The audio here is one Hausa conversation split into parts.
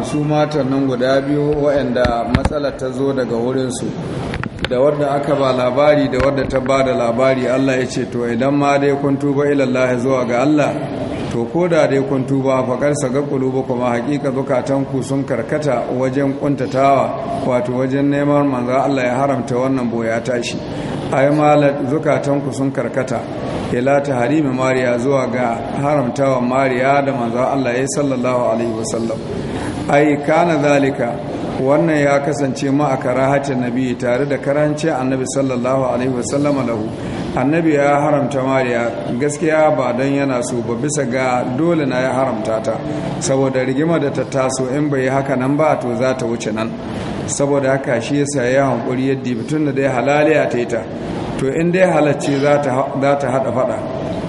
akan su mata nan guda biyu waɗanda matsala ta zo daga wurinsu da wadda aka ba labari da wadda ta ba da labari Allah ya ce to idan ma dai kun tuba ilallah zuwa ga Allah to ko da dai kun tuba faƙar ga kulubu kuma hakika zukatanku sun karkata wajen kuntatawa wato wajen neman manzo Allah ya haramta wannan boya tashi ai malat zukatanku sun karkata ila ta harimi mariya zuwa ga haramtawa mariya da manzo Allah ya sallallahu alaihi wasallam ai kana zalika wannan ya kasance ma a karahatin nabi tare da karanci annabi sallallahu alaihi wasallam lahu annabi ya haramta mariya gaskiya ba don yana so ba bisa ga dole na ya haramta ta saboda rigima da ta taso in bai haka nan ba to za ta wuce nan saboda haka shi yasa ya hankuri yadda mutum da dai halali a ta to in dai halacci za ta hada fada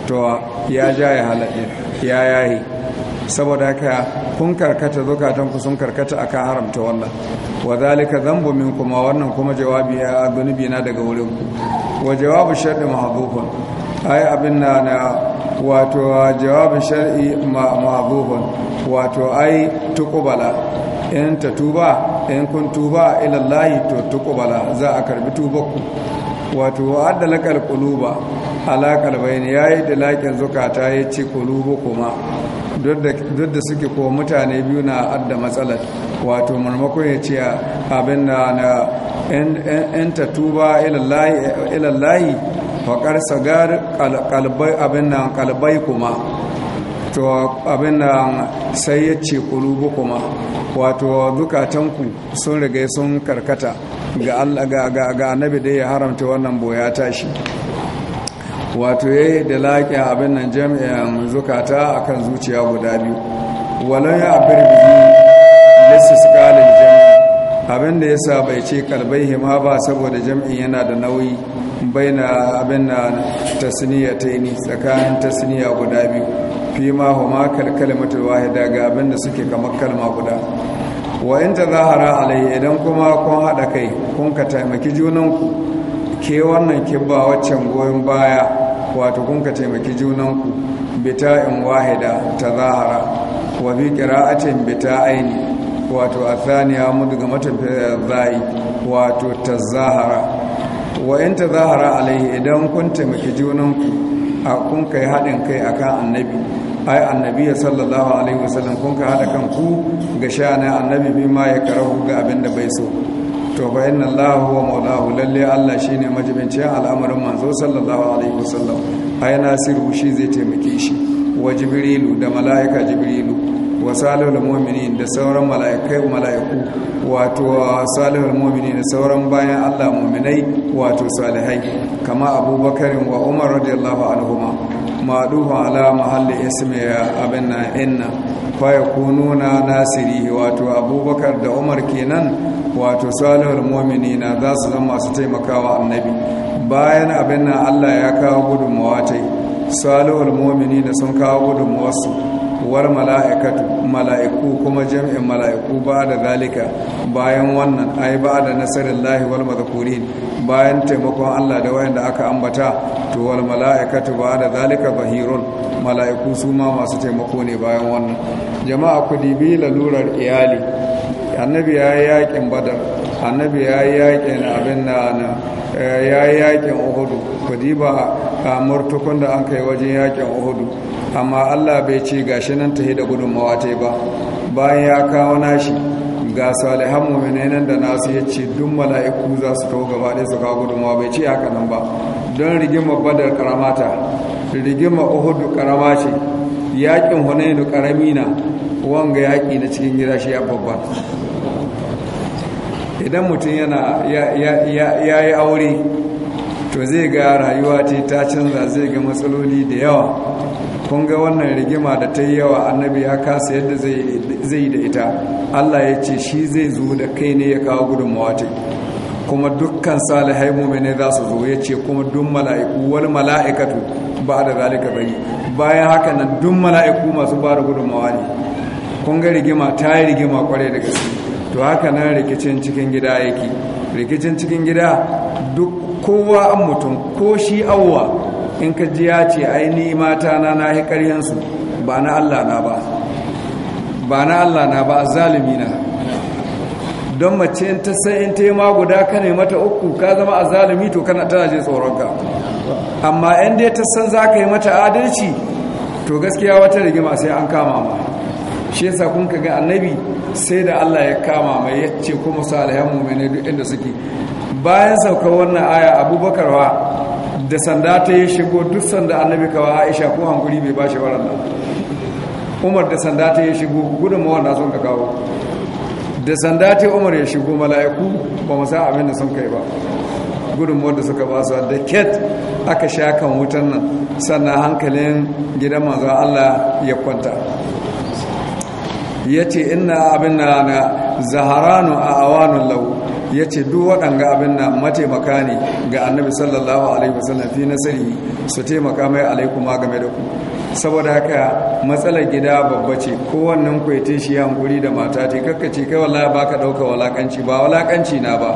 to ya ja ya halaye ya yayi saboda haka kun karkata ku sun karkata aka haramta wannan wa zalika dhanbu minkum wannan kuma jawabi ya zunubi na daga wurin ku wa jawabu shar'i mahdhufun ai abin na na wato jawabu shar'i mahdhufun wato ai tuqbala in ta tuba in kun tuba ila Allah to tuqbala za a karbi tubarku wato wa'adda lakal quluba ala qalbayni yayi da zukata yace kulubu kuma duk da suke ko mutane biyu na adda matsalar wato marmakon ya ce abin da na yan tattuba ilallahi faƙar sagar kalbai abin nan kalbai kuma to abin da sai ya ce kulubu kuma wato dukatanku sun riga sun karkata ga annabi dai ya haramta wannan boya tashi wato ya yi da laƙi abin nan jami'an zukata kan zuciya guda biyu walon ya abir su kalin jami'i abin da sa bai ce kalbai hima ba saboda jami'in yana da nauyi baina abin na ni tsakanin tasniya guda biyu fi ma huma kalkalmatul wahida ga abin da suke kamar kalma guda wa in zahara alai idan kuma kun haɗa kai kun ka taimaki junanku ke wannan ke ba waccan goyon baya wato kun ka taimaki junanku bita'in wahida ta zahara wa bi qira'atin aini. wato athaniya ga matan zai wato ta zahara wa in ta zahara alaihi idan kun taimaki junanku a kun kai haɗin kai akan annabi ai annabi ya sallallahu alaihi wasallam kun ka haɗa kanku ga sha'anin annabi ma ya karahu ga abin da bai so to bayan Lahu wa maulahu lalle Allah shi shine majibincin al'amarin manzo sallallahu alaihi wasallam yana nasiru shi zai taimake shi wa jibrilu da malaika jibrilu wa salihul mu'minin da sauran malaikai malaiku wato salihul mu'mini da sauran bayan Allah mu'minai wato salihai kama Abubakar wa Umar radiyallahu anhuma maduhu ala mahalli abin na inna faya kununa nasiri wato abubakar da umar kenan wato salihul mu'minina za su zama masu taimakawa annabi bayan abin nan Allah ya kawo gudunmawa tai salihul mu'minina sun kawo gudunmawarsu war mala'ikatu mala'iku kuma jami'in mala'iku ba da zalika bayan wannan ai ba da nasarin lahi wal mazakurin bayan taimakon Allah da da aka ambata to wal mala'ikatu ba da zalika zahirun mala'iku su ma masu taimako ne bayan wannan jama'a ku dibi lalurar iyali annabi ya yi yakin badar annabi ya yi yakin abin na eh, ya yi yakin uhudu ku diba a murtukun da an kai wajen yakin uhudu amma Allah bai ce ga shi nan ta da gudunmawa ta ba bayan ya kawo nashi ga salihan mu'minai nan da nasu ya ce dun mala'iku za su kawo gaba ɗaya su kawo gudunmawa bai ce haka nan ba don rigima badar karamata rigima uhudu karama ce yakin hunainu karami na wanga yaki na cikin gida shi ya babba idan mutum yana ya yi aure to zai ga rayuwa ta ta canza zai ga matsaloli da yawa kun ga wannan rigima da ta yi yawa annabi ya kasa yadda zai da ita allah ya ce shi zai zo da kai ne ya kawo gudunmawa ta kuma dukkan salihai mumine za su zo ya ce kuma duk mala'iku wani mala'ikatu ba da zalika yi bayan haka nan duk mala'iku masu ba da gudunmawa ne kun ga rigima ta yi rigima kwarai da gaske to haka nan rikicin cikin gida yake rikicin cikin gida duk kowa an mutum ko shi awwa in ka ji ya ce aini mata na na yi karyansu ba na allah na ba ba na allah na ba zalimi na don mace ta sai in ta yi guda ka ne mata uku ka zama a zalimi to kana tana je tsoronka amma in dai ta san za ka yi mata adalci to gaskiya wata rigima sai an kama ma shi yasa kun ga annabi sai da Allah ya kama mai ya ce kuma salihan ne duk inda suke bayan saukar wannan aya abubakar wa da sanda ta yi shigo duk sanda annabi kawa aisha ko hankuri bai ba shi nan umar da sanda ta yi shigo gudun na sun ka kawo da sanda ta umar ya shigo mala'iku ba masu abin da sun kai ba gudunmuwar da suka su da ket aka sha kan wutan nan sannan hankalin gidan manzo Allah ya kwanta ya ce ina abin na zaharanu a awanun lau ya ce duk waɗanga abin na mataimaka ne ga annabi sallallahu alaihi wasallam fi su taimaka mai ma game da ku saboda haka matsalar gida babba ce kowannen ku ya shi hankuri da mata ce kakkace kai wallahi ba ka ɗauka walakanci ba walakanci na ba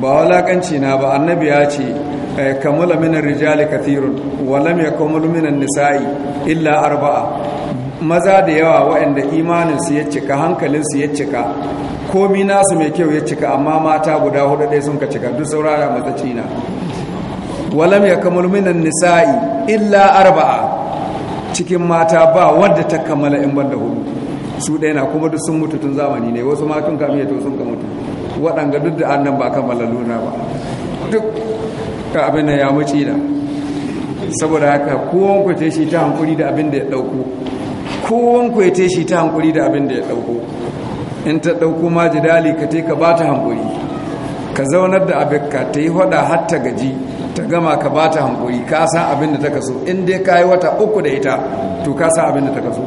ba walakanci na ba annabi ya ce eh, kamula minan rijali kathirun walam ya kamula minan nisa'i illa arba'a maza da yawa waɗanda imaninsu ya cika hankalinsu ya cika komi nasu mai kyau ya cika amma mata guda hudu ɗaya sun ka cika duk saurara mata na walam ya kamar minan nisa'i illa arba'a cikin mata ba wadda ta kammala in banda hudu su ɗaya na kuma duk sun mutu tun zamani ne wasu matun kamiyya to sun ka mutu waɗanga duk da annan ba kammala luna ba duk ka abin ya muci na saboda haka kowan ku shi ta hankuli da abin da ya ɗauko kowan ya shi ta hankuri da abin da ya ɗauko in ta ɗauko ma jidali ka te ka ba ta hankuri ka zaunar da abin ka ta yi hada har ta gaji ta gama ka ba ta hankuri ka san abin da ta kaso in dai ka yi wata uku da ita to ka san abin da ta kaso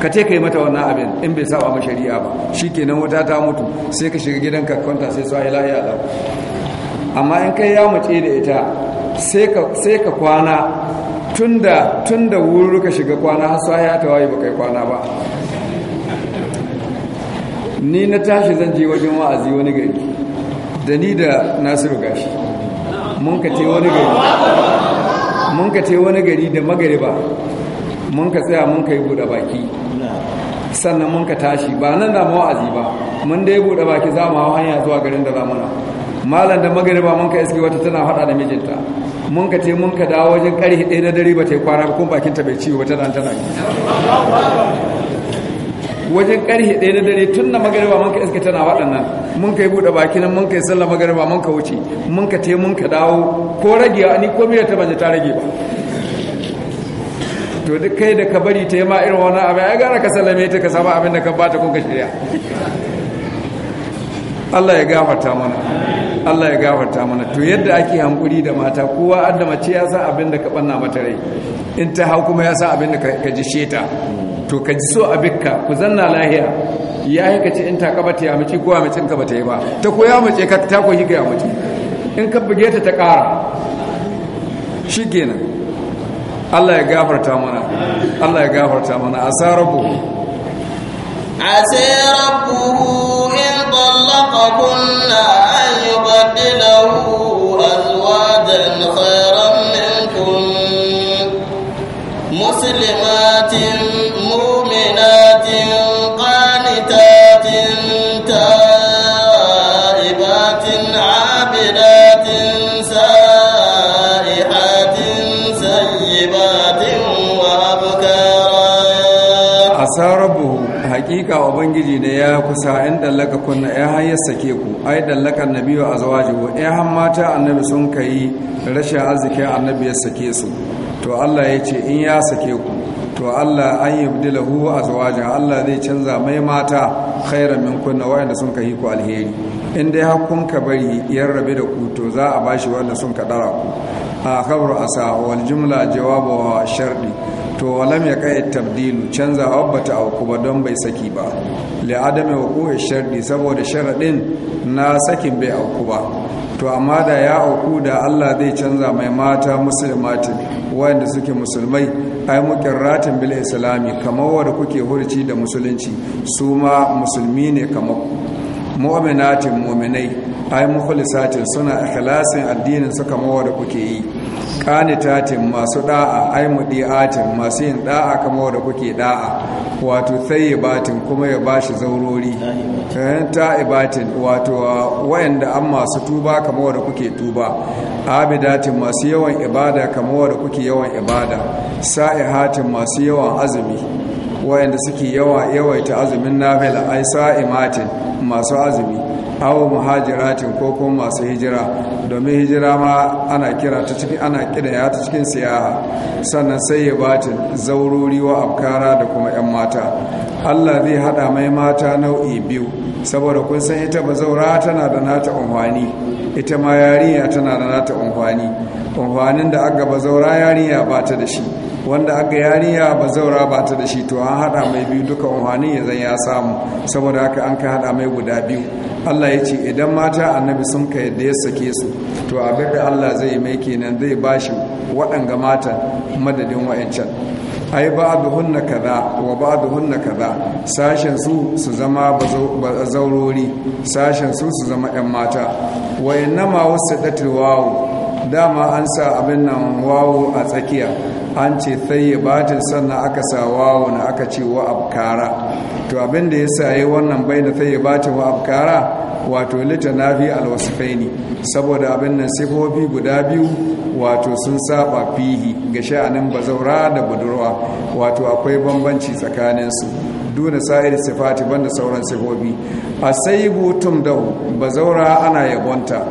ka ce ka yi mata wannan abin in bai saba ma shari'a ba shi kenan wata ta mutu sai ka shiga gidan ka kwanta sai su ya ala amma in kai ya mace da ita sai ka kwana tunda da wuri ka shiga kwana har sa ya tawaye ba kai kwana ba ni na tashi zan je wajen wa'azi wani gari da ni da nasiru gashi mun ka te wani gari mun ka ce wani gari da magariba mun ka tsaya mun ka yi buɗe baki sannan mun ka tashi ba nan na wa'azi ba mun dai buɗe baki za mu hau hanya zuwa garin da zamana malam da magariba mun ka iske wata tana hada da mijinta mun ka te mun ka dawo wajen karhi ɗaya na dare ba ta yi kwana ba kuma bakinta bai ciwo ba tana tana wajen karhe ɗaya na dare tun na magariba mun ka iska tana waɗannan mun ka yi buɗe baki nan mun ka yi sallah magariba mun ka wuce mun ka te mun ka dawo ko rage ni ko miyar ta banje ta rage ba to duk kai da ka bari ta yi ma irin wani abu ya gara ka sallame ta ka samu abin da ka bata ko ka shirya Allah ya gafarta mana Allah ya gafarta mana to yadda ake hankuri da mata kowa adda mace ya sa abin da ka banna mata rai in ta hau kuma ya sa abin da ka ji sheta to ka ji so bikka ku zanna lahiya ya yi ka ce in ta kaba ta mace, kowa in ka ta yi ba ta ko ya mace ka ta ko yi ga mace, in ka buge ta ta kara shi kenan Allah ya gafarta mana Allah ya gafarta mana asarabu asarabu in طلقكن Sarabu rabu hakika ubangiji ne ya kusa in dallaka kunna ya hayar sake ku ai dallakan nabi wa azwajihu ai han mata annabi sun kai rashin arziki annabi ya sake su to Allah ya ce in ya sake ku to Allah an a azwaja Allah zai canza mai mata khairan min kunna wa'anda sun kai ku alheri in dai hakkun ka bari yan rabe da ku to za a bashi wanda sun ka dara ku a khabru asa wal jumla jawabu shardi to walam ya kai tabdilu canza wa bata auku ba don bai saki ba li adami wa kuwa sharɗi saboda sharaɗin na sakin bai auku ba to amma da ya auku da Allah zai canza mai mata musulmatin wayanda suke musulmai ai ratin bil islami kamar wanda kuke hurci da musulunci su ma musulmi ne kamar ku. mu'minatin mu'minai ai mukhlisatin suna ikhlasin addinin su kamar wanda kuke yi kanitatin masu da'a ai mudiatin masu yin da'a kamar da kuke da'a wato thayyibatin kuma ya bashi zaurori eh, ta'ibatin wato uh, wayanda an masu tuba kamar da kuke tuba abidatin masu yawan ibada kamar da kuke yawan ibada sa'ihatin masu yawan azumi wayanda suke yawa yawaita azumin nafila ai sa'imatin masu azumi awo muhajiratin ko kuma masu hijira domin hijira ma ana kira ta cikin ana ya ta cikin siyaha sannan sai ya bata zaurori wa afkara da kuma 'yan mata allah zai hada mai mata nau'i biyu saboda kun san ita ba zaura tana da nata amfani ita ma yarinya tana da nata amfani amfanin da aka bazaura yarinya ba ta da shi wanda aka yariya ba zaura ba ta da shi to an hada mai biyu duka umarni ya zan ya samu saboda haka an ka hada mai guda biyu Allah ya ce idan mata annabi sun ka yadda ya sake su to abin da Allah zai mai kenan zai ba shi waɗanga mata madadin wa'ancan ai hunna kaza wa hunna kaza sashen su su zama zaurori sashen su su zama yan mata wa wasu wasadatul wawo dama an sa abin nan wawo a tsakiya an ce batin sannan aka sa wawo na aka ce wa abkara to abin da ya sa yi wannan bai ya yi ba ta abkara wato litanafi alwasifaini saboda abin nan sifofi guda biyu wato sun saba fihi ga sha'anin bazaura da budurwa wato akwai bambanci tsakanin tsakaninsu duna sa'ir sifati banda sauran sifofi a sai butum da bazaura ana yabonta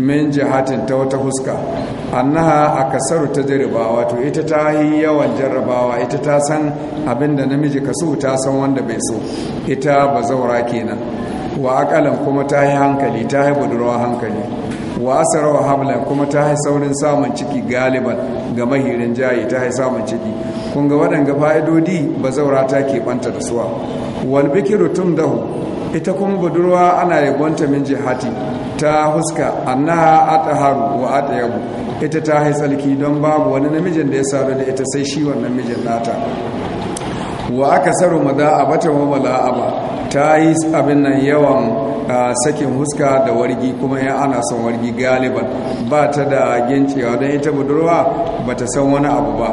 min jihatin ta wata huska annaha a kasaru ta jarabawa to ita ta yi yawan jarrabawa ita ta san abinda namiji kasu ta san wanda bai so ita ba zaura kenan wa akalan kuma ta yi hankali ta yi budurwa hankali wa wa hamla kuma ta yi saurin samun ciki galiban ga mahirin jayi ta yi samun ciki kun waɗanga fa'idodi ba zaura ta keɓanta da suwa walbikiru tun dahu ita kuma budurwa ana yabonta min jihati ta huska annaha ataharu wa atayabu ita ta hai tsalki don babu wani namijin da ya sadu da ita sai shi wannan mijin nata wa aka saro maza a bata wa mala'aba ta yi abin nan yawan sakin huska da wargi kuma ya ana son wargi galiban ba ta da gincewa don ita budurwa ba ta san wani abu ba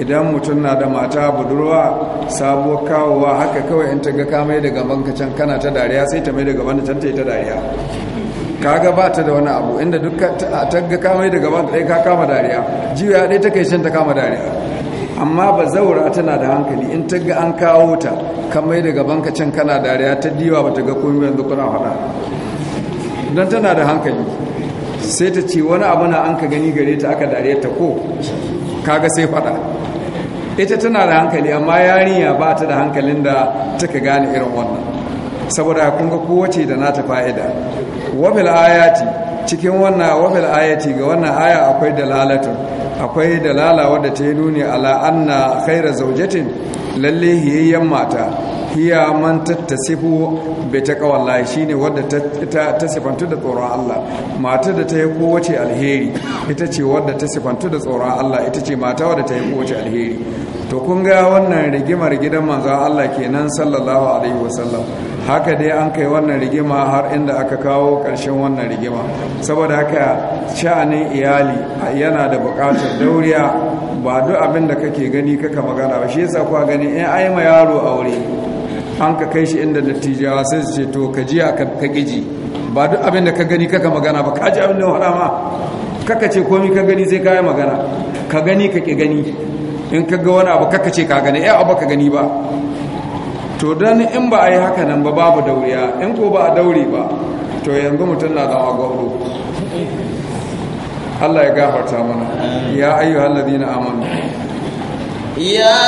idan mutum na da mata budurwa sabuwar kawowa haka kawai in ta ga kamai daga bankacin kana ta dariya sai ta mai daga bankacin ta yi ta dariya kaga ba ta da wani abu inda duk ta ga kamai da gaban ɗaya ka kama dariya jiya ɗaya ta kai shan ta kama dariya amma ba zaura tana da hankali in ta ga an kawo ta kamai da gaban ka can kana dariya ta diwa ba ta ga komai yanzu kuna faɗa don tana da hankali sai ta ce wani abu na an ka gani gare ta aka dariya ta ko kaga sai faɗa ita tana da hankali amma yarinya ba ta da hankalin da ta ka gane irin wannan saboda kun ga kowace da nata fa'ida wafil ayati cikin wannan wafil ayati ga wannan aya akwai dalalatun akwai dalala wadda ta yi nuni ala anna khaira zaujatin lalle hiyayyen mata hiya man tattasifu bi taqwallahi shine wadda ta sifantu da tsoron Allah mata da ta yi kowace alheri ita ce wadda ta sifantu da tsoron Allah ita ce mata wadda ta yi kowace alheri to kun ga wannan rigimar gidan manzon Allah kenan sallallahu alaihi wasallam haka dai an kai wannan rigima har inda aka kawo ƙarshen wannan rigima saboda haka sha'anin iyali yana da buƙatar dauriya ba duk abin da kake gani kaka magana ba shi yasa kuwa gani in ai ma yaro aure an ka kai shi inda dattijawa sai su ce to ka ji ka giji ba duk abin da ka gani kaka magana ba ka ji abin da faɗa ma kaka ce komi ka gani sai ka yi magana ka gani ka ki gani in ka ga wani abu kaka ce ka gani ya eh, abu ka gani ba to dan in ba a yi haka nan ba babu dauriya in ko ba a daure ba to yanzu mutum na zama gwamnu Allah ya gafarta mana ya ayyuhal ladina amanu ya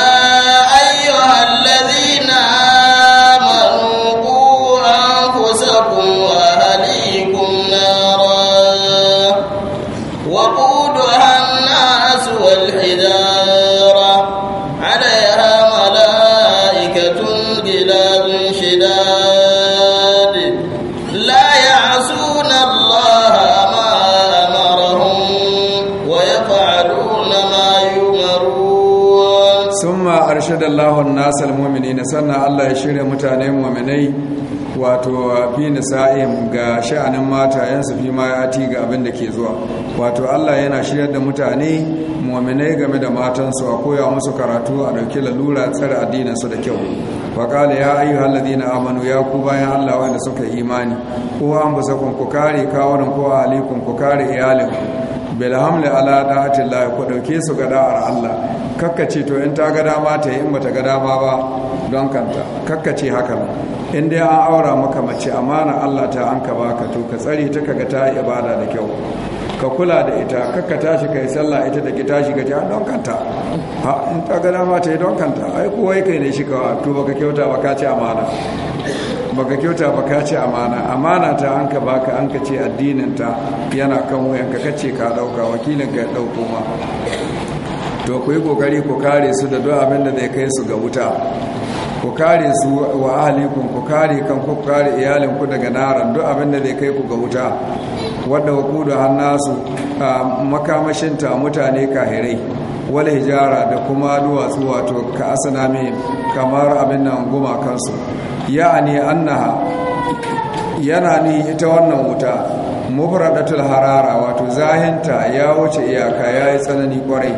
ayyuhal ladina amanu sannan Allah ya shirya mutane mu'minai wato fi nisa'im ga sha'anin matayensu fi ma ga abin da ke zuwa wato Allah yana shirya da mutane mu'minai game da matansu a koya musu karatu a dauki lalura tsare addinin da kyau faƙala ya ayyuhal na amanu ya ku bayan Allah wanda suka imani ko an basakun ku kare kawunan ko alaikum ku kare iyalin bilhamli ala da ku dauke su gada a Allah kakka ce to in ta ga dama ta in bata ga dama ba don kanta kakkace hakan in dai an aura maka mace amana Allah ta an ka baka to ka tsare ta kaga ta ibada da kyau ka kula da ita kakka tashi kai sallah ita da ki tashi gaje ta ah, don kanta ha in ta ga dama ta yi don kanta ai ko wai kai ne shi ka to baka kyauta ba ka ce amana baka kyauta baka ce amana amana ta an ka baka an ka ce addinin ta yana kan wayan ka kace ka dauka wakilin ka ya dauko ma to ku yi kokari ku kare su da duk abin da zai kai su ga wuta ku kare su wa ku kare kan ku kare iyalin daga naran duk abin da zai kai ku ga wuta wanda da hannasu makamashinta mutane kahirai wala hijara da kuma duwatsu wato ka asana mai kamar abin nan goma kansu ya'ani annaha yana ni ita wannan wuta mufradatul harara wato zahinta ya wuce iyaka yayi tsanani kwarai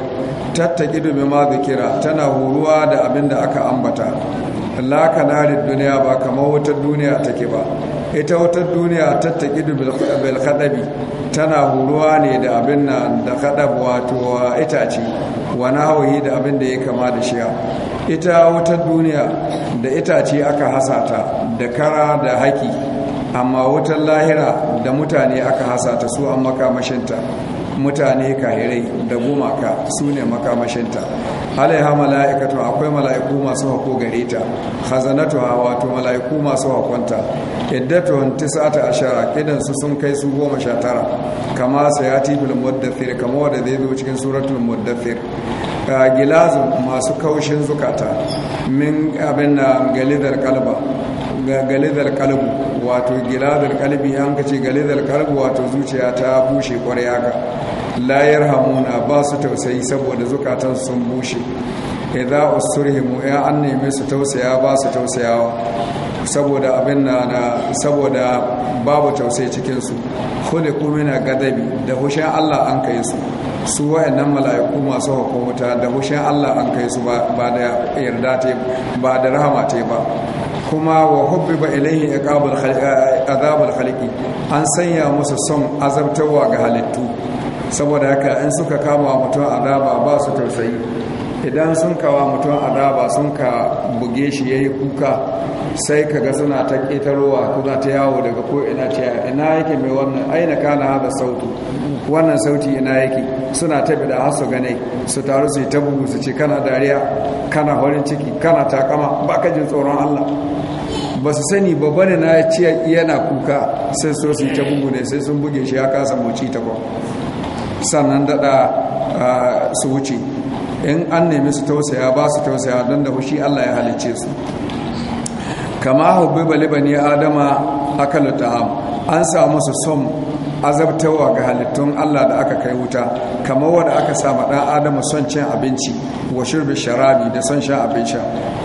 tattaki dubi ma zikira tana huruwa da abin da aka ambata la kanarin duniya ba kamar wutar duniya take ba ita wutar duniya tattaki bil kadabi tana huruwa ne da abin nan da kadab wato itace wa nahawi da abin da ya kama da shiya ita wutar duniya da itace aka hasata da kara da haki amma wutar lahira da mutane aka hasata su an makamashinta mutane kahirai da gumaka su ne makamashinta alaiha mala'ikatu akwai mala'iku masu hako gare ta khazanatu ha wato mala'iku masu hakonta iddatuhun tis'ata ashara kidan su sun kai su goma sha tara kama sayati fil muddathir kama wanda zai zo cikin suratul muddathir gilazu masu kaushin zukata min abin na galidar kalba galidar kalbu wato gilazar kalbi an ka ce galidar kalbu wato zuciya ta bushe kwarya ka. la yarhamuna ba su tausayi saboda zukatan sun bushe idza mu ya an neme su tausaya ba su tausayawa saboda abin na saboda babu tausayi cikin su kuma na gadabi da hushin Allah an kai su su wayannan mala'iku masu hukumta da hushin Allah an kai su ba da yarda ta ba da rahama ta ba kuma wa hubbiba ilaihi iqabul khaliqi azabul khaliqi an sanya musu son azabtawa ga halittu saboda haka in suka kama mutum azaba ba su tausayi idan sun kawa mutum azaba sun ka buge shi ya yi kuka sai ka ga suna ta ƙetarowa kuna ta yawo daga ko ina ce ina yake mai wannan aina kana haɗa sautu wannan sauti ina yake suna ta bi da hasu gane su taru su yi ta bugu su ce kana dariya kana farin ciki kana takama ba ka jin tsoron allah ba su sani babba ne na ce yana kuka sai so su yi ta bugu ne sai sun buge shi ya kasa moci ta ba sannan daɗa su wuce in an nemi su tausaya ba su tausaya don da shi allah ya halice su kama hubbi balibani adama akalata an samu su son azabtawa ga halittun Allah da aka kai wuta kamar wanda aka sama dan adamu son cin abinci wa shirbi sharabi da son sha abin sha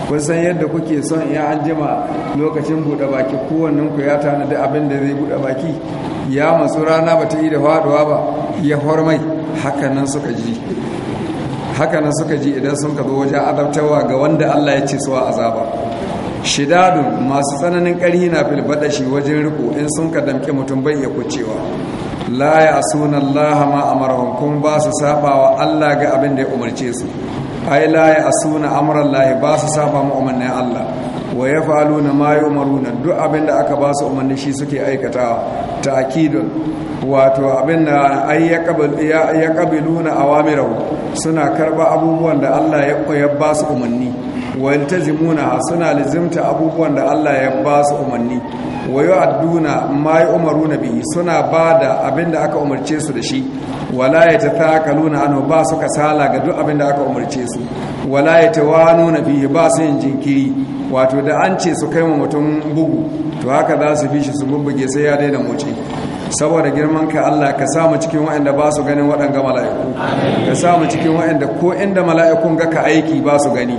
kun san yadda kuke son ya an jima lokacin buɗe baki kowannen ku ya tanadi abin da zai buɗe baki ya masu rana ba ta yi da faduwa ba ya hormai haka nan suka ji haka nan suka ji idan sun ka zo wajen azabtawa ga wanda Allah ya ce suwa azaba shidadun masu tsananin ƙarhi na filbaɗashi wajen riko in sun ka damƙe mutum bai ya kucewa la ya suna Allah ma amarahum kuma ba su sabawa Allah ga abin da ya umarce su ai la ya suna amran lahi ba su saba mu umarnin Allah wa yafaluna ma yu'maruna duk abin da aka ba su umarni shi suke aikatawa ta'kidun wato abin da ai ya qabiluna awamirahu suna karba abubuwan da Allah ya ba su umarni wanta zimuna suna lizimta abubuwan da Allah ya ba su umarni wayo adduna ma yi umaru na suna ba da abin da aka umarce su da shi wala ya ta takaluna ano ba su kasala ga duk abin da aka umarce su wala ya ta wano na ba su yin jinkiri wato da an ce su kai ma mutum bugu to haka za su bi shi su bubbuge sai ya daina moci saboda girman ka Allah ka samu cikin waɗanda ba su ganin waɗanda mala'iku ka samu cikin waɗanda ko inda mala'ikun ga ka aiki ba su gani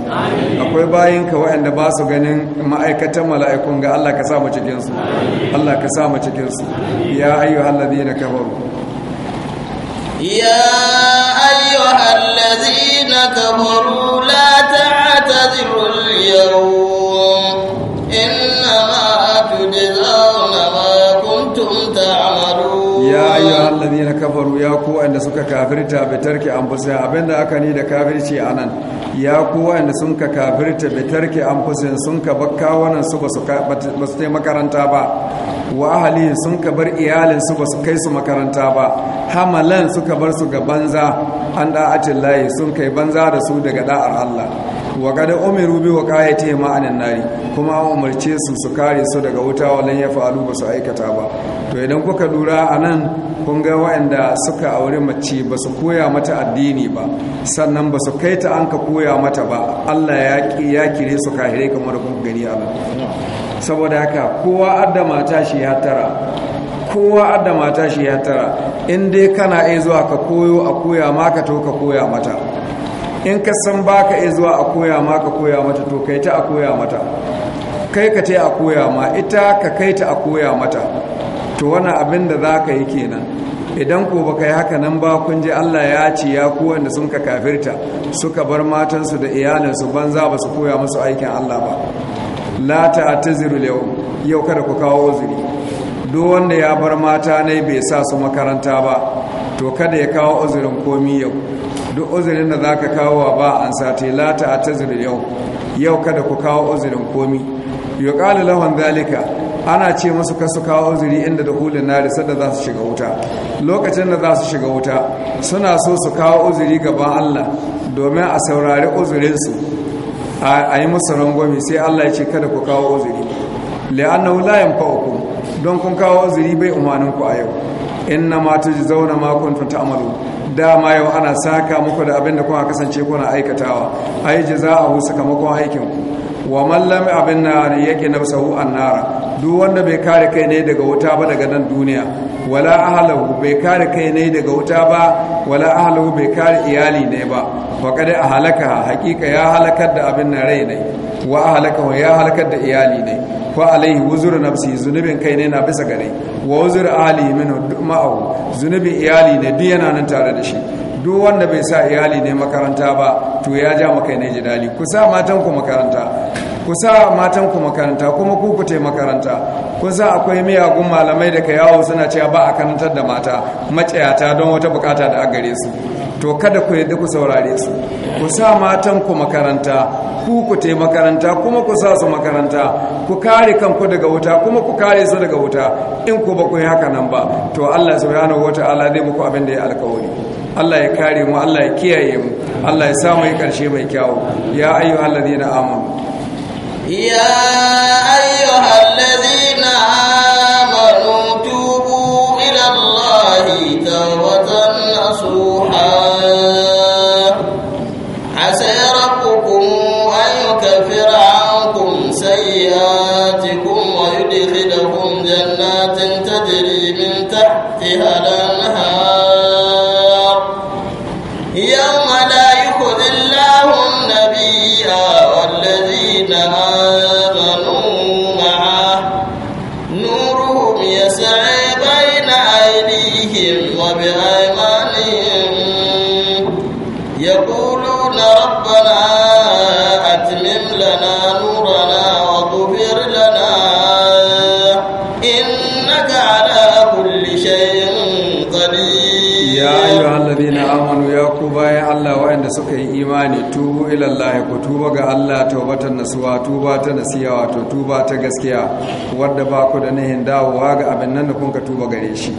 akwai bayin ka waɗanda ba su ganin ma'aikatan mala'ikun ga Allah ka samu cikin su Allah ka samu cikin su ya ayyuhal ladina kafaru يا أيها الذين كفروا لا تعتذروا yawm ya yi allazi na kafaru ya ku wanda suka kafirta bi tarki abinda aka ni da kafirci anan ya ku wanda sun ka kafirta bi tarki sun ka bakka wannan su ba su ba makaranta ba wa ahli sun ka bar iyalin su ba su kai su makaranta ba hamalan suka bar su ga banza an da'atin layi sun kai banza da su daga da'ar Allah wa kada umiru bi waqayati ma anan nari kuma an umarce su su kare su daga wuta wallan ya faru ba su aikata ba to idan kuka lura anan kun ga waɗanda suka aure mace ba su koya mata addini ba sannan ba su kai ta an ka koya mata ba Allah ya kire su kahire kamar kun gani a saboda haka kowa adda mata shi ya tara kowa adda mata shi ya tara in dai kana iya zuwa ka koyo a koya maka to ka koya mata in ka san baka iya zuwa a koya ma ka koya mata to kai ta a koya mata kai ka ta a koya ma ita ka kai ta a koya mata to wani abin da za ka yi kenan idan ko baka yi haka nan ba kun ji Allah ya ce ya ku wanda sun ka kafirta suka bar matansu da iyalinsu banza ba su koya musu aikin Allah ba la ta'taziru yau yau kada ku kawo uzuri duk wanda ya bar mata ne bai sa su makaranta ba to kada ya kawo uzurin komi yau duk uzurin da za ka kawo wa ba an sati lata a tazirin yau yau kada ku kawo uzurin komi yau kala lahon zalika ana ce masu kasu kawo uzuri inda da hulun nari sadda za su shiga wuta lokacin da za su shiga wuta suna so su kawo uzuri gaban allah domin a saurari uzurinsu a yi musu rangwami sai allah ya ce kada ku kawo uzuri la'annahu la fauku don kun kawo uzuri bai umarninku a yau In na matu zaune makon ta ta'malun dama yau ana saka muku da abin da kuma kasance kuna aikatawa za a jaza'ahu sakamakon aikin ku wa mallami abin na yake an nara duk wanda bai kare kai ne daga wuta ba daga nan duniya wala ahalahu bai kare kai ne daga wuta ba wala ahalahu bai kare iyali ne ba fa kada ahalaka hakika ya halakar da abin na rai ne wa halaka wa ya halakar da iyali ne ko alaihi wuzur nafsi zunubin kai ne na bisa gare wa wuzur ali min ma'ahu zunubin iyali ne duk yana nan tare da shi duk wanda bai sa iyali ne makaranta ba to ya ja maka ne jidali ku sa matan ku makaranta ku sa matan ku makaranta kuma ku ku makaranta za akwai miyagun malamai da ka yawo suna cewa ba a karantar da mata maciyata don wata bukata da agare su to kada ku yadda ku saurare su ku sa matan ku makaranta ku ku te makaranta kuma ku sa su makaranta ku kare kanku daga wuta kuma ku kare su daga wuta in ku ba ku yi haka nan ba to Allah subhanahu wataala zai muku abin da ya alkawari Allah ya kare mu Allah ya kiyaye mu Allah ya mu yi karshe mai kyau. ya ayyuhal ladina amanu ya ayyuhal عليه تارة نصوحا waɗanda suka yi imani tubu ilallahi ku tuba ga Allah taubatan nasuwa tuba ta nasiya wato tuba ta gaskiya wadda ba ku da nihin dawowa ga abin nan da kunka tuba gare shi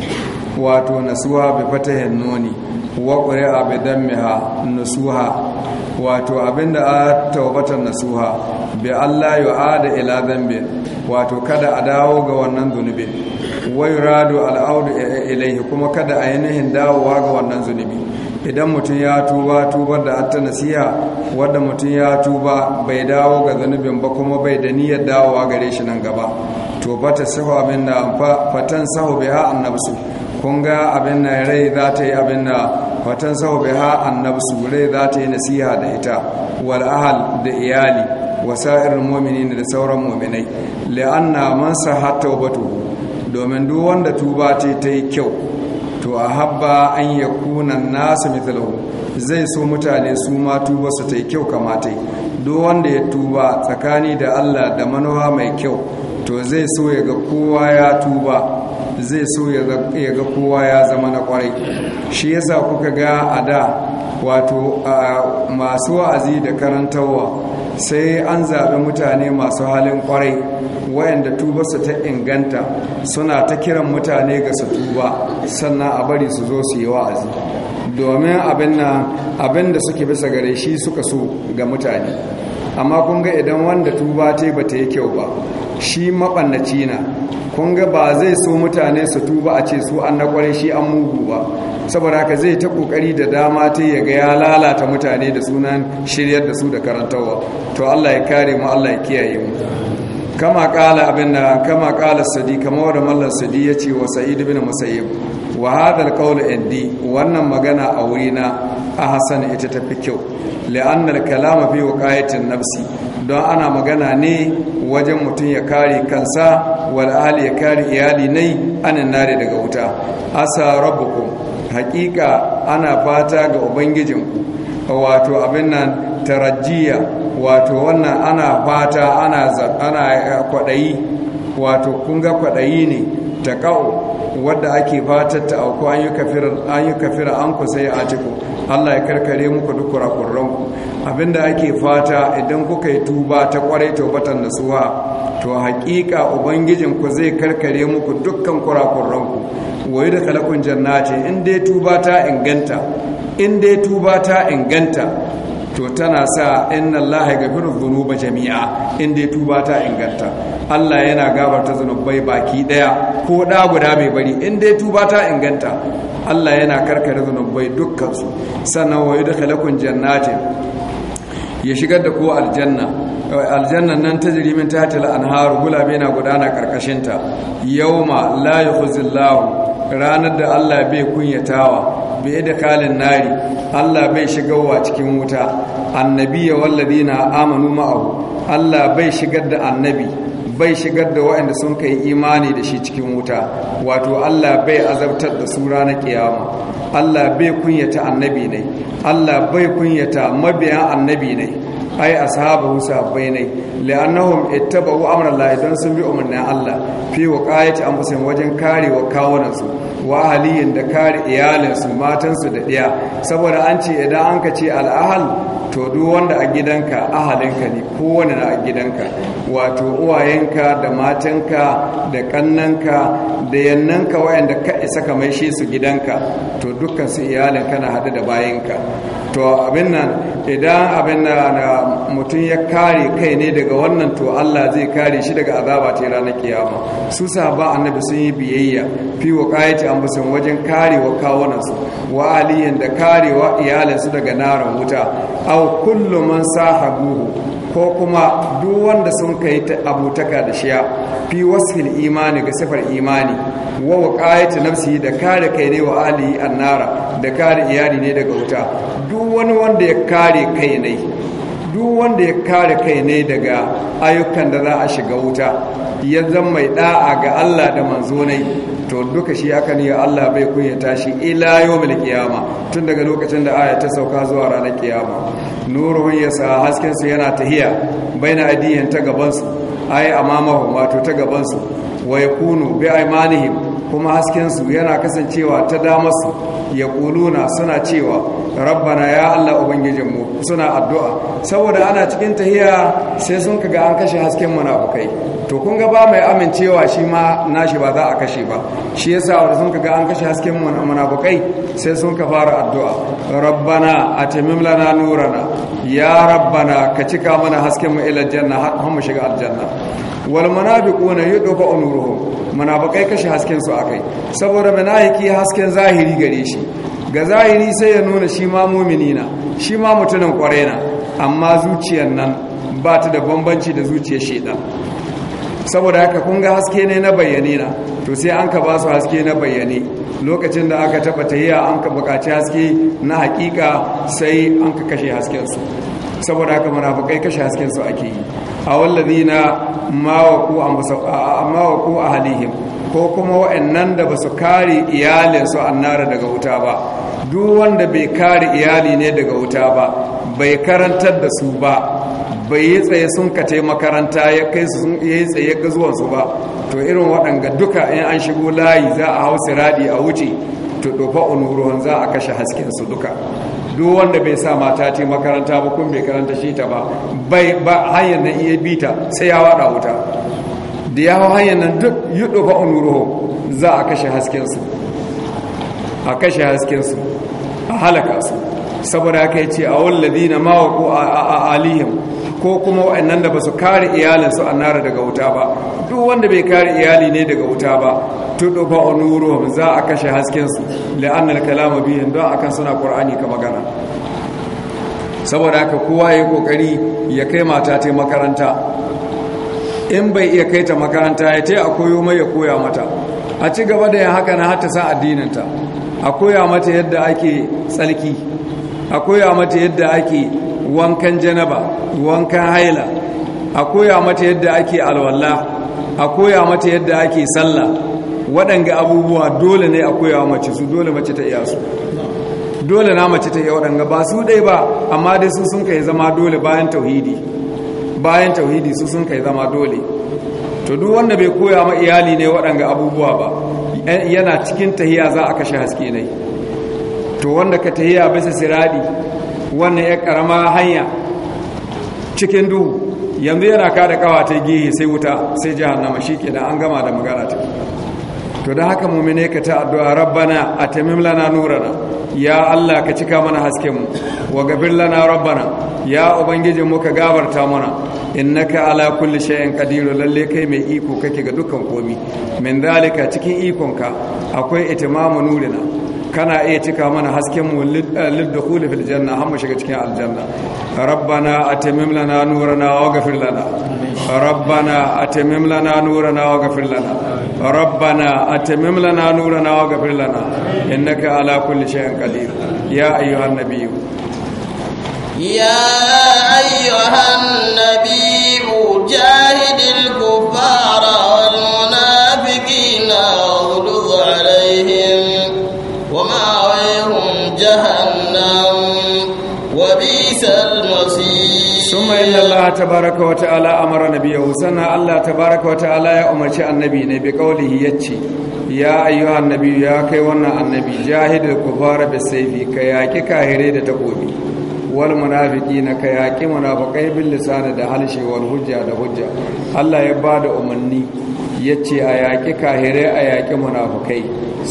wato nasuwa bi fatahin noni wa a bi dammiha nasuwa wato abinda a taubatan nasuha bi Allah da ila dhanbi wato kada a dawo ga wannan zunubin wai rado al'audu ilaihi kuma kada a yi nihin dawowa ga wannan zunubi idan mutum ya tuba tubar da ta nasiha wadda mutum ya tuba bai dawo ga zanubin ba kuma bai da niyyar dawowa gare shi nan gaba to ba ta sahu abin da fatan sahu bai ha annabsu kun ga abin na rai za ta yi abin na fatan sahu bai ha annabsu rai za ta yi nasiha da ita wal ahal da iyali wasa'irin momini da sauran mu'minai la'anna man sahatta wa domin duk wanda tuba ce ta yi kyau to a habba an yi kunan nasu mitalau zai so mutane su ma tuba su ta kyau kamata duk wanda ya tuba tsakani da allah da manowa mai kyau to zai so ya ga kowa ya tuba zai so ya ga kowa ya zama na kwarai shi yasa kuka ga a da wato masu wa'azi da karantarwa sai an zaɓi mutane masu halin kwarai wayanda tuba su ta inganta suna ta kiran mutane ga su tuba sannan a bari su zo su yi wa'azi domin abin da suke bisa gare shi suka so ga mutane amma kun ga idan wanda tuba ta ba ta yi kyau ba shi maɓannaci na kunga ba zai so mutane su tuba a ce su an na kwarai shi an mugu ba saboda haka zai ta kokari da dama ta ya ga ya lalata mutane da sunan shiryar da su da karantawa to Allah ya kare mu Allah ya kiyaye mu kama kala abinda kama kala sadi kama da mallan sadi yace wa sa'id ibn musayyib wa hadha alqawl indi wannan magana a wurina a hasan ita ta fi kyau la'anna al fi nafsi don ana magana ne wajen mutum ya kare kansa wal ahli ya kare iyali nai anan nare daga wuta asa rabbukum hakika ana fata ga ubangijinku wato abin nan tarajiya wato wannan ana fata ana eh, kwadayi wato kun ga kwadayi ne ta ƙau wadda ake fatar ta auku an yi kafira an ku sai a ciko Allah ya karkare muku duk kurakurranku abinda ake fata idan kuka yi tuba ta kwarai taubatan da suwa to hakika ubangijinku zai karkare muku dukkan ku wai da kalakun jannati in dai tuba ta inganta in dai tuba ta inganta to tana sa inna allaha yaghfiru dhunuba jami'a in dai tuba ta inganta Allah yana gafarta zanubai baki daya ko da guda mai bari in dai tuba ta inganta Allah yana karkare zanubai dukkan su sannan wai da kalakun jannati ya shigar da ko aljanna aljannan nan ta jirimin tatil anharu gulabe na gudana karkashinta yau ma la yukhzillahu ranar da Allah bai kunyatawa bai da kalin nari Allah bai shigarwa cikin wuta annabi ya wallabi na amanu ma'au Allah bai shigar da annabi bai shigar da waɗanda sun kai imani da shi cikin wuta wato Allah bai azabtar da su ranar kiyama Allah bai kunyata annabi ne Allah bai kunyata mabiyan annabi ne ai ashabu musa bainai li'annahum ittaba'u amra Allah idan sun bi umarnin Allah fi waqayati anfusihim wajen kare wa kawunan su wa ahliyin da kare iyalin su matan su da ɗaya saboda an ce idan an ka ce al'ahal to duk wanda a gidanka ahalinka ne kowane na a gidanka wato uwayenka da matanka da kannanka da yannanka wayanda ka isa ka maishe su gidanka to dukkan su iyalin kana hadu da bayinka to abin nan idan abin na mutum ya kare kai ne daga wannan to Allah zai kare shi daga azaba ta ranar kiyama su ba annabi sun yi biyayya fi wa an ambasan wajen kare wa kawunan su wa aliyin da kare wa su daga naran wuta aw kullu man sahabuhu ko kuma duk wanda sun kai abutaka da shiya fi wasfil imani ga sifar imani wa ta nafsi da kare kai ne wa alihi annara da kare iyali ne daga wuta duk wani wanda ya kare kai ne duk wanda ya kare kai ne daga ayyukan da za a shiga wuta ya zan mai da'a ga Allah da manzo ne to duka shi aka ne Allah bai kunyata shi ila yawmil qiyama tun daga lokacin da aya ta sauka zuwa ranar kiyama nuruhun yasa hasken su yana tahiya baina adiyan ta gaban su ay amama wato ta gabansu. wa kunu bi aymanihim kuma haskensu yana kasancewa ta damas ya kuluna suna cewa rabbana ya Allah ubangijinmu suna addu'a saboda ana cikin tahiya sai sun kaga an kashe hasken munafukai to kun ga ba mai amincewa shi ma nashi ba za a kashe ba shi yasa sa sun kaga an kashe hasken munafukai sai sun ka fara addu'a rabbana taimim lana nurana ya rabbana ka cika mana hasken mu ila janna har mu shiga aljanna wal munafiquna yudufu nuruhum kashe hasken su akai saboda aiki hasken zahiri gare shi ga zahiri sai ya nuna shi ma na shi ma mutunan na amma zuciyar nan ba ta da bambanci da zuciyar shedan saboda haka kun ga haske ne na bayyane na to sai an ka ba su haske na bayyane lokacin da aka taba tahiya an ka bukaci haske na hakika sai an ka kashe hasken su saboda haka munafikai kashe hasken su ake yi a wallazina mawaku mawaku ko kuma wa'annan da ba su kare iyalinsu annara daga wuta ba duk wanda bai kare iyali ne daga wuta ba bai karantar da su ba bai yi tsaye sun kace makaranta ya kai su ya yi tsaye ga zuwansu ba to irin waɗanga duka in an shigo layi za a hau siradi a wuce to dofa unuruwan za a kashe hasken su duka duk wanda bai sa mata ce makaranta ba kun bai karanta shi ta ba bai ba hanyar na iya bita sai ya wada wuta da ya hau hanyar nan duk yi ɗufa unuruhu za a kashe haskensu a kashe haskensu a halaka su saboda ya kai ce a wallabi na mawaku a alihim ko kuma waɗannan da ba su kare iyalinsu nara daga wuta ba duk wanda bai kare iyali ne daga wuta ba tudu fa onuruhum za a kashe haskensu la'anna kalama kalamu bihim don akan suna qur'ani ka magana saboda haka kowa ya kokari ya kai mata ta makaranta in bai iya kai ta makaranta ya ce a koyo mai ya koya mata a ci gaba da yin haka na hatta sa addininta a koya mata yadda ake tsalki a koya mata yadda ake wankan janaba wankan haila a koya mata yadda ake alwala a koya mata yadda ake sallah waɗanga abubuwa dole ne a koya mace su dole mace ta iya su dole na mace ta iya waɗanga ba su ɗai ba amma dai su sun kai zama dole bayan tauhidi bayan tauhidi su sun kai zama dole to duk wanda bai koya ma iyali ne waɗanga abubuwa ba eh, yana cikin tahiya za a kashe haske ne to wanda ka tahiya bisa siradi wannan ya karama hanya cikin duhu yanzu yana kada kawa ta gihi sai wuta sai jahannama da an gama da magana ta to da haka mumine ka ta addu'a rabbana atamim lana nurana ya Allah ka cika mana hasken mu wa gafir lana rabbana ya ubangijin mu ka gabarta mana innaka ala kulli shay'in qadir lalle kai mai iko kake ga dukkan komi min dalika cikin ikonka akwai itimamu nurina kana iya cika mana hasken mu liddukuli fil janna har mu shiga cikin aljanna rabbana atimim lana nurana wa ghfir lana rabbana atimim lana nurana wa ghfir lana rabbana atimim lana nurana wa ghfir lana innaka ala kulli shay'in qadir ya ayyuhan nabiy يا أيها النبي جاهد الكفار جهنم وبئس المصير ثم إن الله تبارك وتعالى أمر نبيه سنة الله تبارك وتعالى يا أمشي النبي نبي قوله يتشي يا أيها النبي يا كيوانا النبي جاهد الكفار بالسيف كياكي كاهري تقولي والمنافقين كياكي منافقين باللسان ده هلشي والهجة ده هجة الله يبعد أمني yace a yaƙi kahirai a yaƙi munafukai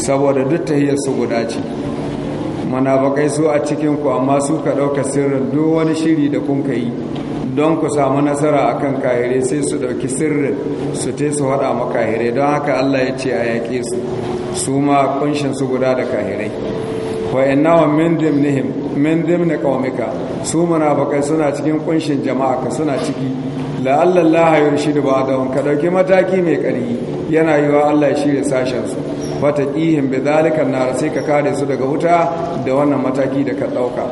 saboda duk tahiyar su guda ce munafakai su a cikinku amma su ka ɗauka sirrin duk wani shiri da kun yi don ku samu nasara a kan kahire sai su ɗauki sirrin su te su haɗa ma kahire don haka Allah ya ce a yaƙe su su ma kunshin su guda da kahirai wa nawa min dim min dimni su munafakai suna cikin kunshin jama'a ka suna ciki la Allah ba da ba'dahum ka ɗauki mataki mai ƙarfi yana yiwa Allah ya shirya sashen su bai zalika na sai ka kare su daga wuta da wannan mataki da ka dauka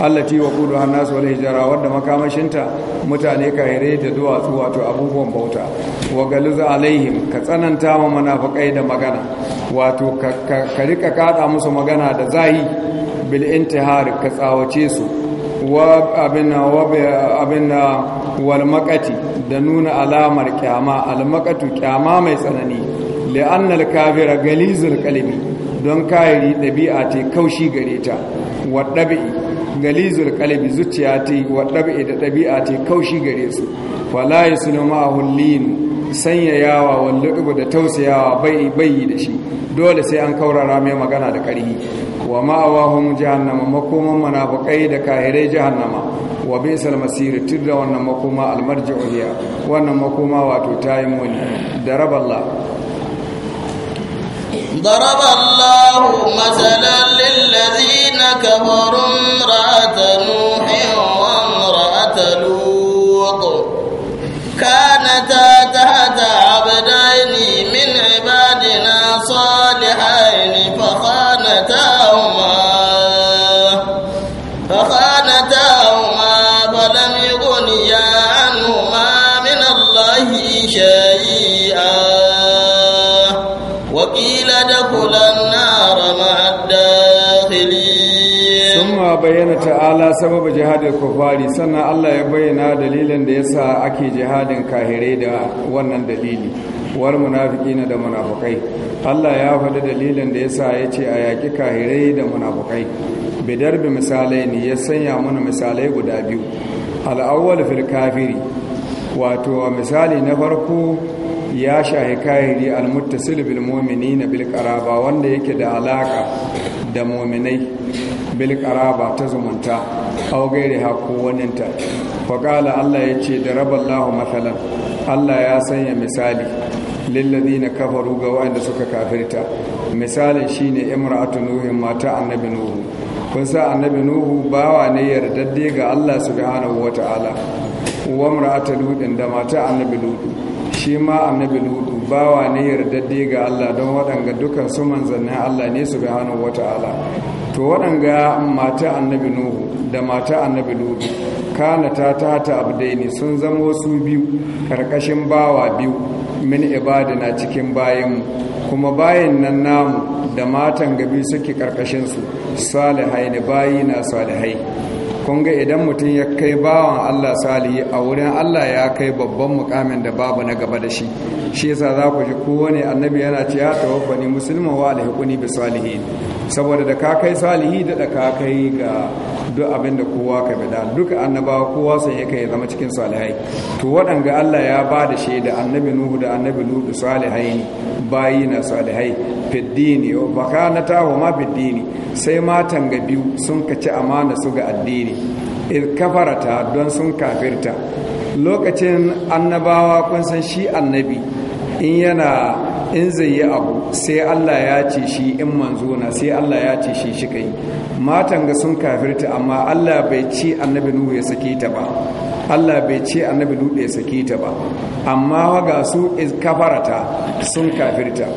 allati Kudu annas wal hijara wadda makamashinta mutane ka kahire da duwatsu wato abubuwan bauta wa galiza alaihim ka tsananta ma munafikai da magana wato ka rika kada musu magana da zahi bil intihar ka tsawace su wa wa abinna wal maqati da nuna alamar kyama al maqatu kyama mai tsanani li'annal kafira galizul qalbi don kayiri dabi'a ta kaushi gare ta wa dabi'i galizul qalbi zuciya ta wa dabi'i da dabi'a ta kaushi gare su wala yasluma hullin sanyayawa wal lubu da tausayawa bai bai da shi dole sai an kaurara mai magana da ƙarhi wa ma'awahum jahannama makoman munafiqai da kahirai jahannama wa bisal masir tudda wannan makoma almarji'u hiya wannan makoma wato tayin muni da raballah ضرب الله مثلا للذين كفروا ta'ala sababa jihadin kufari sannan Allah ya bayyana dalilin da yasa ake jihadin kahire da wannan dalili war munafiki da munafukai Allah ya faɗi dalilin da yasa ya ce a yaƙi kahire da munafukai bidar bi misalai ne ya sanya mana misalai guda biyu al'awwal fil kafiri wato misali na farko ya shahi kahiri al-muttasil bil mu'minina bil qaraba wanda yake da alaka da mu'minai bil qaraba ta zumunta aw gairi ha ko wannan ta fa qala Allah yace da raballahu mathalan Allah ya sanya misali na kafaru ga wanda suka kafirta misalin shine imra'atu nuhin mata annabi nuhu kun sa annabi nuhu bawa ne yardadde ga Allah subhanahu wata'ala wa imra'atu ludin da mata annabi nuhu. shi ma annabi nuhu. bawa ne yardadde ga Allah don waɗanga dukan su manzannin Allah ne su bihanu ala to waɗanga mata annabi nuhu da mata annabi lutu kana ta tata abdaini sun zama su biyu karkashin bawa biyu min na cikin bayanmu kuma bayan nan namu da matan gabi suke karkashin su salihai ne bayi na salihai kun ga idan mutum ya kai bawan Allah salihi a wurin Allah ya kai babban mukamin da babu na gaba da shi shi yasa za ku ji kowane annabi yana ce ya tawaffani musulman wa alhiquni bi salihin saboda da ka kai salihi da da ka kai ga duk abin da kowa ka bida duka annabawa kowa sun yake ya zama cikin salihai to waɗanga Allah ya ba da shaida annabi nuhu da annabi lutu salihai ne bayi na salihai fiddini ka na wa ma fiddini sai matan ga biyu sun kaci amana su ga addini id kafarata don sun kafirta lokacin annabawa kun san shi annabi in yana in zai yi abu sai Allah ya ce shi in manzo na sai Allah ya ce shi shi kai matan ga sun kafirta amma Allah bai ce annabi nuhu ya sake ta ba Allah bai ce annabi nuhu ya sake ta ba amma ga su kafarata sun kafirta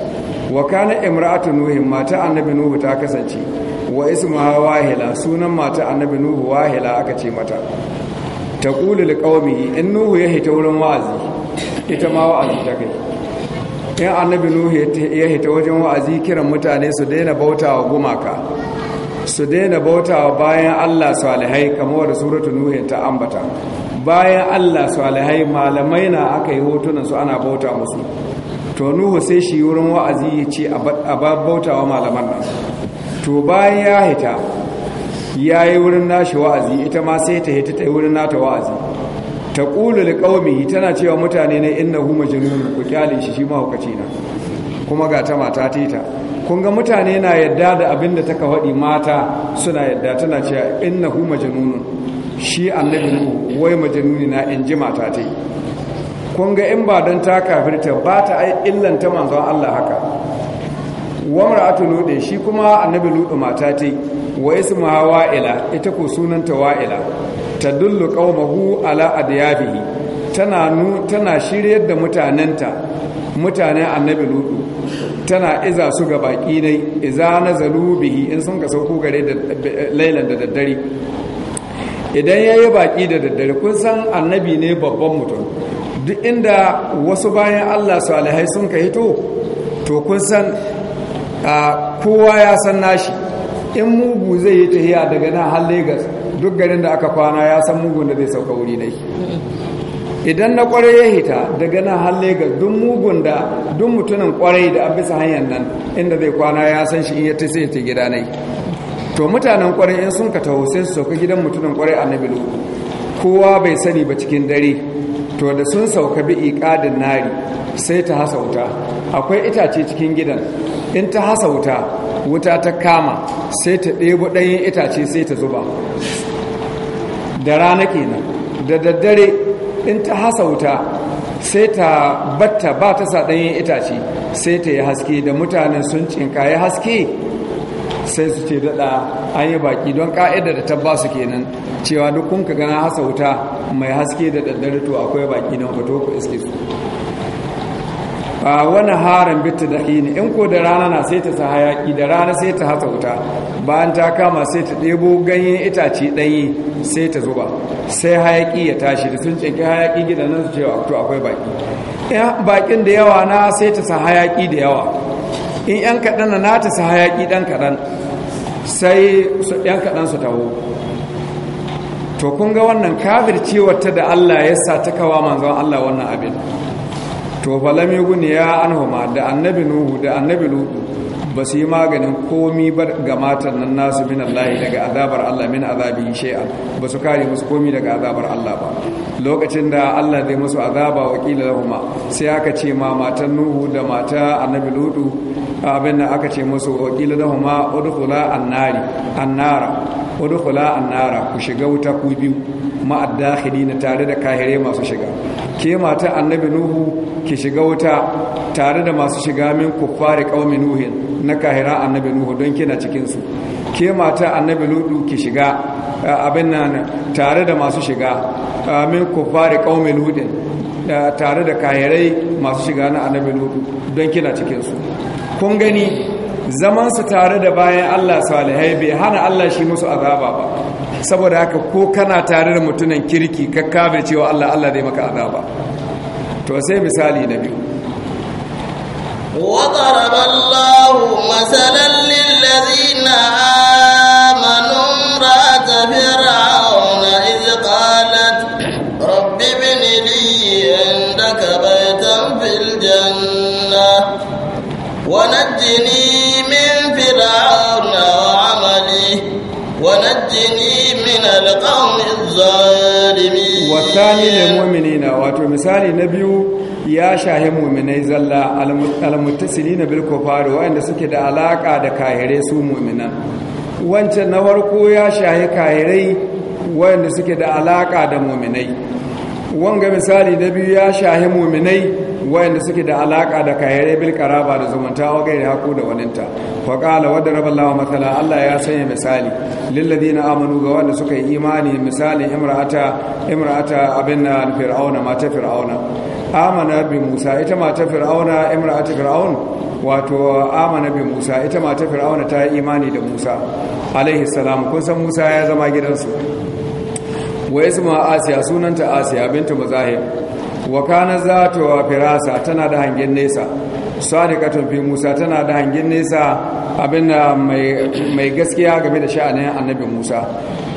wa kana imra'atu nuhu mata annabi nuhu ta kasance wa ismuha wahila sunan mata annabi nuhu wahila aka ce mata taqulu liqaumihi in nuhu ya hita wurin wa'azi ita ma wa'azi ta kai in annabi nuhu ya hita wajen wa'azi kiran mutane su daina bautawa gumaka su daina bautawa bayan Allah salihai kamar da suratu nuhu ta ambata bayan Allah salihai malamai na aka yi hotunan su ana bauta musu to nuhu sai shi wurin wa'azi ya ce a bautawa malaman nan to bayan ya hita ya yi wurin nashi wa'azi ita ma sai ta hita ta yi wurin nata wa'azi ta ƙulu liƙaumi tana cewa mutane ne inna hu majnun ku kyale shi shi mahaukaci na kuma ga ta mata tita kun ga mutane na yadda da abin da taka faɗi mata suna yadda tana cewa inna hu majnun shi annabi nuhu wai majnuni na in ji mata tai kun ga in ba don ta kafirta ba ta illan ta manzon Allah haka wani atu lude shi kuma annabi ludu mata tai wa ismu wa'ila ita ko sunanta wa'ila tadullu qaumahu ala adyabihi tana nu tana shiryar da mutanenta mutane annabi lutu tana iza su ga baki ne iza nazalu bihi in sun ka sauko gare da lailan da daddare idan yayi baki da daddare kun san annabi ne babban mutum duk inda wasu bayan Allah salihai sun ka hito to kun san kowa ya san nashi in mugu zai yi tahiya daga nan har Legas duk garin da aka kwana ya san mugun da zai sauka wuri dai idan na kwarai ya hita daga nan har Legas duk mugun da duk mutumin kwarai da abisa hanyar nan inda zai kwana ya san shi in ya ta sai ta gida ne to mutanen kwarai in sun ka taho sai su sauka gidan mutumin kwarai annabi lu kowa bai sani ba cikin dare to da sun sauka bi iqadin nari sai ta hasa wuta akwai itace cikin gidan in ta hasa wuta wuta ta kama sai ta ɗebo ɗanyen itace sai ta zuba da rana kenan da daddare in ta hasa wuta sai ta batta ba ta sa ɗanyen itace sai ta yi haske da mutanen sun cinka ya haske sai su ce daɗa an yi baki don ƙa'ida da ta ba kenan cewa duk kun ka gana hasa wuta mai haske da daddare to akwai baki nan fito ku iske su a wani harin bitta da ne in ko da rana na sai ta sa hayaki da rana sai ta hasa wuta bayan ta kama sai ta ɗebo ganye itace ɗanyi sai ta zuba sai hayaki ya tashi da sun cinki hayaki gidan nan su ce to akwai baki bakin da yawa na sai ta sa hayaki da yawa in yan kaɗan na ta sa hayaki ɗan kaɗan sai yan kaɗan su taho to kun ga wannan kafircewar ta da Allah ya sa ta kawa manzon Allah wannan abin to falam yuguni ya anhuma da annabi nuhu da annabi lutu ba su yi maganin komi ba ga matan nan nasu min Allah daga azabar Allah min azabi shay'a ba su kare musu komi daga azabar Allah ba lokacin da Allah zai musu azaba wa kila lahuma sai aka ce ma matan nuhu da mata annabi lutu abin da aka ce musu wa kila lahuma udkhula annari annara udkhula annara ku shiga wuta ku biyu ma'ad dakhilina tare da kahire masu shiga ke mata annabi nuhu ki shiga wuta tare da masu shiga min ku kuffari qaumi nuhin na kahira annabi nuhu don kina cikin su ke mata annabi ludu ki shiga abin nan tare da masu shiga min ku kuffari qaumi ludin tare da kahirai masu shiga na annabi nuhu don kina cikin su kun gani zamansu tare da bayan Allah salihai bai hana Allah shi musu azaba ba saboda haka ko kana tare da mutunan kirki ka cewa Allah Allah zai maka azaba توسي مثالي نبي وضرب الله مثلا للذين آمنوا امرأة فرعون إذ قالت رب ابن لي عندك بيتا في الجنة ونجني من فرعون ونجني من القوم الظالمين وثاني المؤمنين واتو مثال ya shahi muminai zalla almuttasili na faru wadanda suke da alaka da kahirai su muminan wancan na farko ya shahi kahirai wadanda suke da alaka da muminai wanga misali na biyu ya shahi muminai wadanda suke da alaka da kahirai ba da zumunta wa gairi haku da waninta faƙala wadda rabin lawa matsala allah ya sanya misali lilladina amanu ga wanda suka yi imani misalin imra'ata imra'ata abinna fir'auna mata fir'auna amana bi musa ita mata fir'auna imra'ata fir'aun wato amana bi musa ita mata fir'auna ta yi imani da musa alaihi salam kun san musa ya zama gidansu wa isma asiya sunanta asiya bintu muzahir wa kana zatu firasa tana da hangen nesa sadiqatun fi Musa tana da hangin nesa abinda mai gaskiya game da sha'anin annabi Musa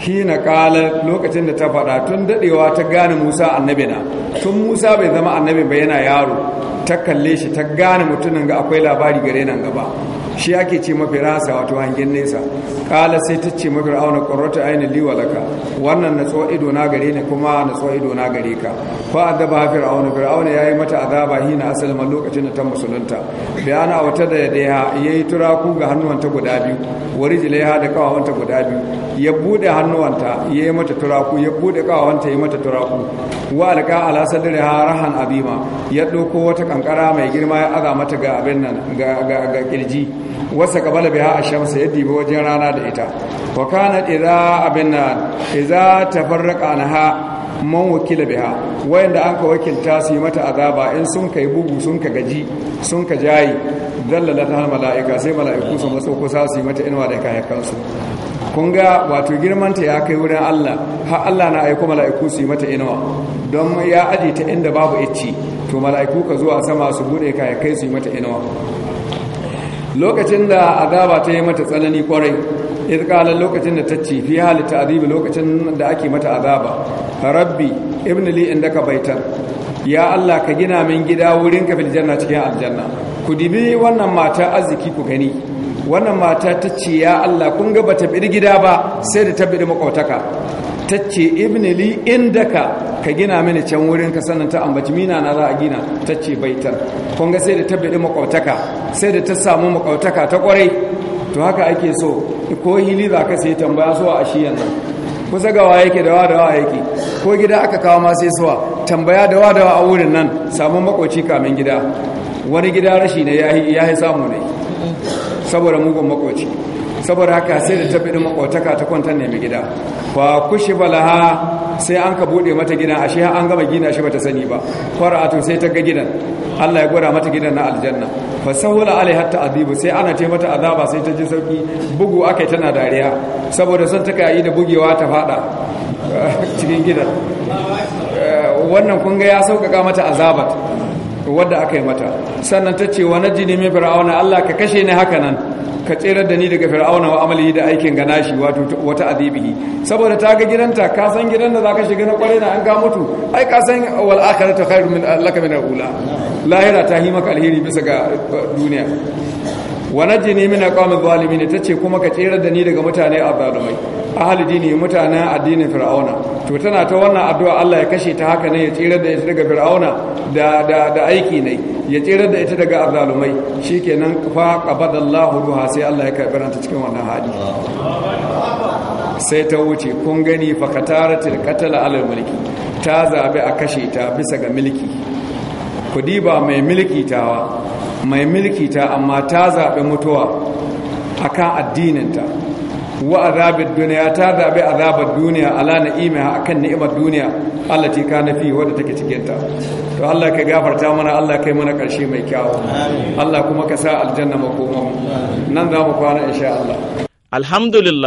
hina kala lokacin da ta faɗa tun daɗewa ta gane Musa annabi na tun Musa bai zama annabi ba yana yaro ta kalle shi ta gane mutumin ga akwai labari gare nan gaba shi ake ce mafi rasa wato hangen nesa kala sai ta ce mafi ra'auna ƙwarrata ainihin liwalaka wannan na tsawon ido na gare ne kuma na tsawon ido na gare ka daba fa fi fir'auna ya yi mata azaba hina ma lokacin da ta musulunta bayana wata da ya yayi turaku ga hannuwanta guda biyu warijilaiha da kawawanta guda biyu ya bude hannuwanta ya yi mata turaku ya bude kawawanta yi mata turaku wa alqa ala sadriha rahan abima ya ɗauko wata kankara mai girma ya aza mata ga abin nan ga ga kirji wasa kabala biha shamsa yadda ba wajen rana da ita wa kana idza abinna idza tafarraqa anha man wakila biha wayanda an ka wakilta su yi mata azaba in sun kai bugu sun ka gaji sun ka jayi dallala ta mala'ika sai mala'iku su maso kusa su yi mata inuwa da kayan kansu kun ga wato girmanta ya kai wurin Allah ha Allah na aiko mala'iku su yi mata inuwa don ya aje ta inda babu icci to mala'iku ka zuwa sama su bude kayakai su yi mata inuwa lokacin da azaba ta yi mata tsanani kwarai idh qala lokacin da ta ci fi hal azibi lokacin da ake mata azaba rabbi ibn li indaka baitan ya Allah ka gina min gida wurin ka fil janna cikin aljanna ku dibi wannan mata arziki ku gani wannan mata ta ci ya Allah kun ga bata bi gida ba sai da ta bi makwataka ta ce li inda ka gina mini can wurin ka sannan ta ambaci mina na za a gina ce baitar kun ga sai da tabbidi makwautaka sai da ta samu makwautaka ta kwarai to haka ake so ko hili za ka sai tambaya suwa a shi yanzu kusa gawa yake da a yake ko gida aka kawo ma sai suwa tambaya da dawa a wurin nan samun makwauci kamin gida wani gida rashi ne ya yi samu ne saboda mugun makwauci saboda haka sai da ta bidi makwataka ta kwanta ne mai gida fa kushi balaha sai an ka bude mata gida. ashe an gama gina shi bata sani ba fara'atu sai ta ga gidan Allah ya gura mata gidan na aljanna fa sahula alaiha azibu sai ana ce mata azaba sai ta ji sauki bugu akai tana dariya saboda son ta kai da bugewa ta fada cikin gidan eh, wannan kun ga ya sauƙaƙa mata azabat wadda aka yi mata sannan ta ce wani jini mai fir'auna Allah ka kashe ni haka nan ka tserar da ni daga fir'auna wa amali da aikin gana shi wato wata azibihi saboda ta ga gidanta ka san gidan da zaka shiga na kware na an ga mutu ai ka san wal akhiratu khairu min laka min al-ula lahira ta hi maka alheri bisa ga duniya mina najini min ne ta ce kuma ka tsere da ni daga mutane a a ahli dini mutanen addinin fir'auna to tana ta wannan addu'a Allah ya kashe ta haka ne ya tsere da ita daga fir'auna da aiki ne ya tsere da ita daga azzalumai shikenan fa qabadallahu ruha sai Allah ya ta cikin wannan hali sai ta wuce kun gani fakataratil qatala alal mulki ta zabi a kashe ta bisa ga mulki mai mulki tawa mai mulki ta amma ta zaɓi mutuwa akan addininta wa duniya ta zaɓi azabar duniya ala na'imiha akan ni'imar duniya Allah ta ka nafi wadda take cikin ta to Allah ka gafarta mana Allah kai mana ƙarshe mai kyawu Allah kuma ka sa aljanna makoman nan za mu kwana insha Allah alhamdulillah